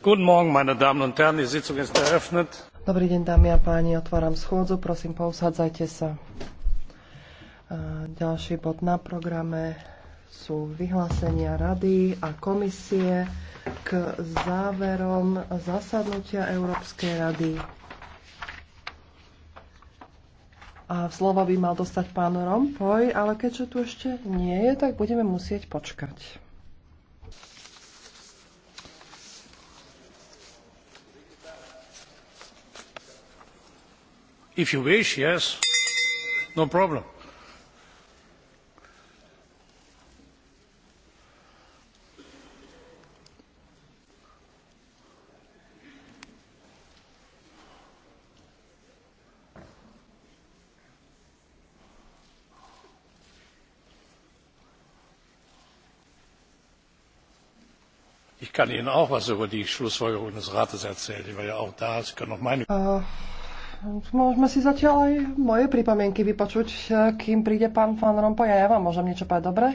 Dobrý deň, dámy a páni, otváram schôdzu, prosím, pousadzajte sa. Ďalší bod na programe sú vyhlásenia rady a komisie k záverom zasadnutia Európskej rady. A slovo by mal dostať pán Rompoj, ale keďže tu ešte nie je, tak budeme musieť počkať. If you wish, yes. No problem. ich kann ihnen auch etwas über die schlussfolgerungen des rates erzählen ich war ja auch da sie können auch meine. Uh môžeme si zatiaľ aj moje pripomienky vypočuť, kým príde pán Fan Rompo. Ja, ja vám môžem niečo povedať, dobre?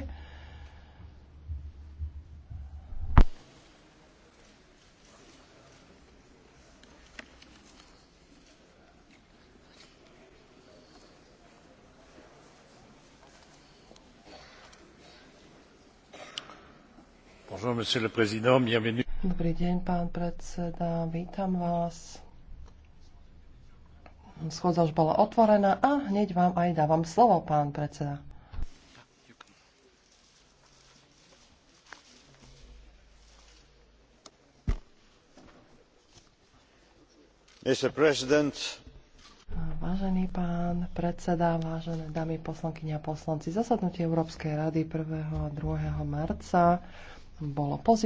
Dobrý deň, pán predseda, vítam vás schôdza už bola otvorená a hneď vám aj dávam slovo, pán predseda. Vážený pán predseda, vážené dámy poslankyne a poslanci, zasadnutie Európskej rady 1. a 2. marca bolo pozitívne.